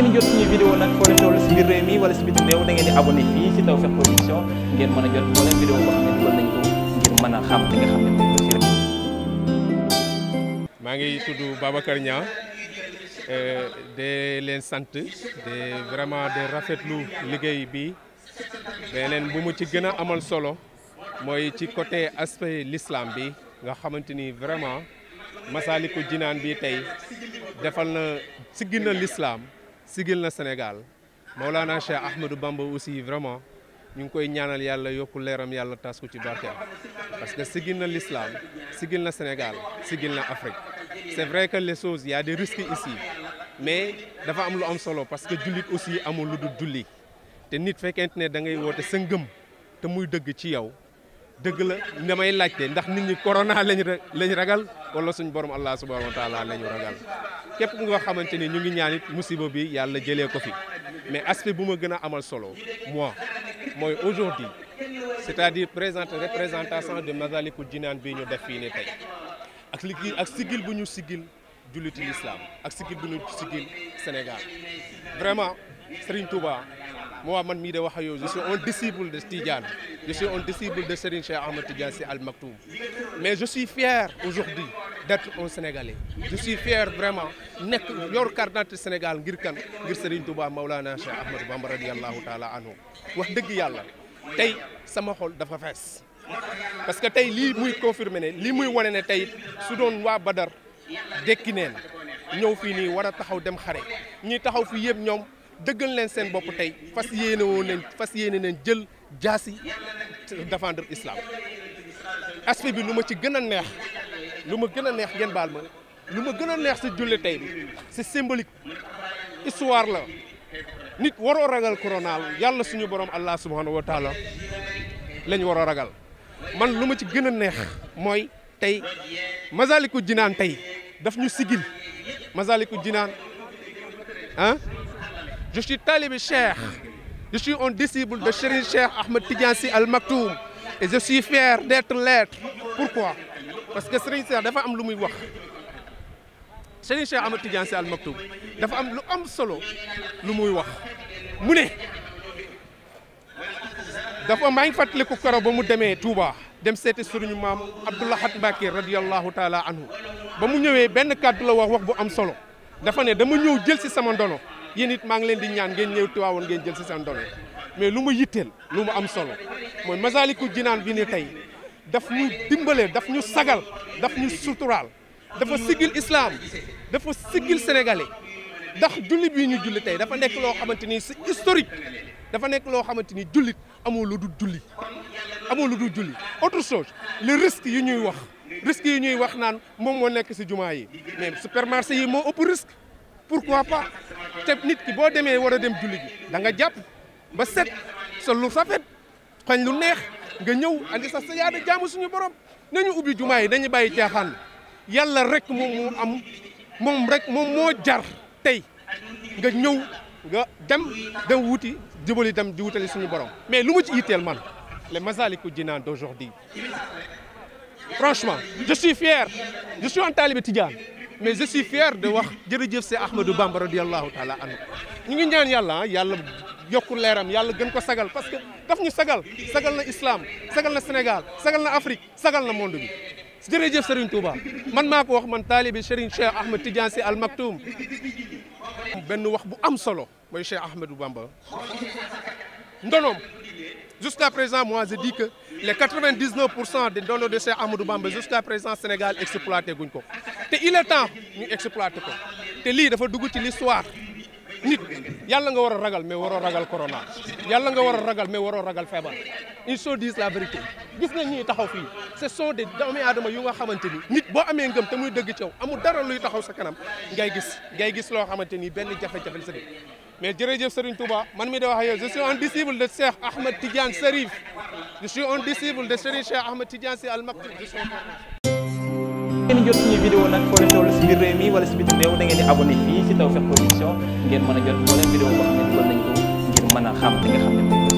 ngeen jot suñu vidéo nag foo leen toll si biir réew mi wala ngeen mën a jot moo mën a xam maa ngi tudd Babacar Niang eh, de leen sant de vraiment de rafetlu liggéey bi mais leen bu mu ci gën a amal solo mooy ci côté aspect lislaam bi nga xamante ni vraiment Masaalikul Jinaan bi tey defal na siggi na lislaam sigil na Sénégal Mawlana Cheikh Ahmadou Bamba aussi vraiment ñu ngi koy ñaanal yàlla yokku leeram yàlla tas ko ci barkeel parce que sigil na l'islam sigil na Sénégal sigil na Afrique c'est vrai que les choses il y a des risques ici mais dafa am lu am solo parce que jullit aussi amul lu dul julli te nit fekkente ne da ngay woote sa ngëm te muy dëgg ci yow dëgg la damay laajte ndax nit ñi corona lañ lañ ragal wala suñ borom allah subhanahu wa taala lañu ragal képp nga xamante ni ñu ngi ñaan it musiba bi yàlla jëlee ko fi mais aspect bu ma gën a amal solo moi mooy aujourd'hui c'est-à-dire présente représentation de Masalikul Jinaan bii ñu def fii ni tey ak ligi ak sigil bu ñu sigil julliti lislaam ak sigil bu ñu sigil Sénégal vraiment Serigne Touba moi man mii de wax ak yow je suis un disciple de Tidiane je suis un disciple de Serigne Cheikh Ahmed Tidiane Sy Al Maktoum mais je suis fier aujourd'hui d'être on Sénégalais je suis fier vraiment nekk yor carte d'identité Sénégal ngir kan ngir Serigne Touba Maulana Cheikh Ahmadou Bamba radiyallahu taala anhu wax dëgg yàlla tey sama xol dafa fees parce que tey lii muy confirmer ne lii muy wane ne tey su doon waa Badar dekki neen ñëw fii nii war a taxaw dem xare ñi taxaw fii yëpp ñoom. dëggal leen seen bopp tey fas yéene leen nañ fas yéene nañ jël jaasi défendre islam aspect bi lu ma ci gën a neex lu ma gën a neex ngeen baal ma lu ma gën a neex si julli tey bi c'est symbolique histoire la nit waroo ragal corona yàlla suñu borom allah subhanahu wa taala lañ a ragal man lu ma ci gën a neex mooy tey Masaalikul Jinaan tey daf ñu sigil Masaalikul Jinaan ah Je suis talibé Cheikh. Je suis un disciple de Cherin Cheikh Ahmed Tidjansi Al Maktoum. Et je suis fier d'être l'être. Pourquoi Parce que Cherin Cheikh dafa am lu muy wax. Cherin Cheikh Ahmed Tidjansi Al Maktoum dafa am lu am solo lu muy wax mu ne dafa maa ngi fàttaliku koro ba mu demee Touba dem seeti suñu maam Abdoulahat Mbacké radiyallahu taala anhu ba mu ñëwee benn kàddu la wax wax bu am solo dafa ne dama ñëw jël si sama ndono. yéen it maa ngi leen di ñaan ngeen ñëw Tiwaawoon ngeen jël si seen données mais lu ma yitteel lu mu am solo mooy Masaalikul Jinaan bi nii tey daf ñu dimbale daf ñu sagal daf ñu suturaal dafa sigil islaam dafa sigil sénégalais ndax jullit bi ñu julli tey dafa nekk loo xamante ni c'est historique dafa nekk loo xamante ni jullit amoo lu dul julli amoo lu dul julli autre chose le yi ñuy wax risque yi ñuy wax naan moom moo nekk si jumaa yi mais supermarché yi moo ëpp risque pourquoi pas te nit ki boo demee war a dem julli gi da nga jàpp ba set sa lu safet xañ lu neex nga ñëw andi sa sa yaada jaamu suñu borom nañu ubbi jumaa yi dañu bàyyi caaxaan yàlla rek moom moo am moom rek moom moo jar tey nga ñëw nga dem dem wuti jubali dem di suñu borom mais lu mu ci yitteel man les Massalikul Jinaan d'aujourd'hui franchement je suis fier je suis un talibé mais je suis fier de wax jërëjëf Seex Ahmadou Bamba radiyallahu taala anhu ñu ngi ñaan yàlla yàlla yokku leeram yàlla gën ko sagal parce que daf ñu sagal sagal na islam sagal na Sénégal sagal na Afrique sagal na monde bi jërëjëf Serigne Touba man maa ko wax man taalibi Serigne Cheikh Ahmed Tidiane Sy Al Maktoum benn wax bu am solo mooy Cheikh Ahmadou Bamba ndonoom Jusqu'à présent, moi, je dis que les 99% de nos déchets Amadou Bamba, jusqu'à présent, Sénégal exploité guñ ko te il est temps ñu exploité ko te lii dafa dugg ci l'histoire nit yàlla nga war a ragal mais waroo ragal corona yàlla nga war a ragal mais waroo ragal feebar ils se disent la vérité gis nañ ñuy taxaw fii ce sont des doomi aadama yu nga xamante ni nit boo amee ngëm te muy dëgg ci yow amul dara luy taxaw sa kanam ngay gis ngay gis loo xamante ni benn jafe-jafe sa mais jërëjëf Serigne Touba man mi da wax yow je suis un disciple de Cheikh Ahmed Tidiane Serif je suis un disciple de Serigne Cheikh Ahmed Tidiane Sy Al Maktoum ngeen jot suñu vidéo nag foo leen toll si biir réew mi wala si bitim réew da ngeen di abonné fii si Tawfekh Production ngeen mën a jot moo leen vidéo boo xam ne dugal nañ ko ngir mën a xam li nga xam ne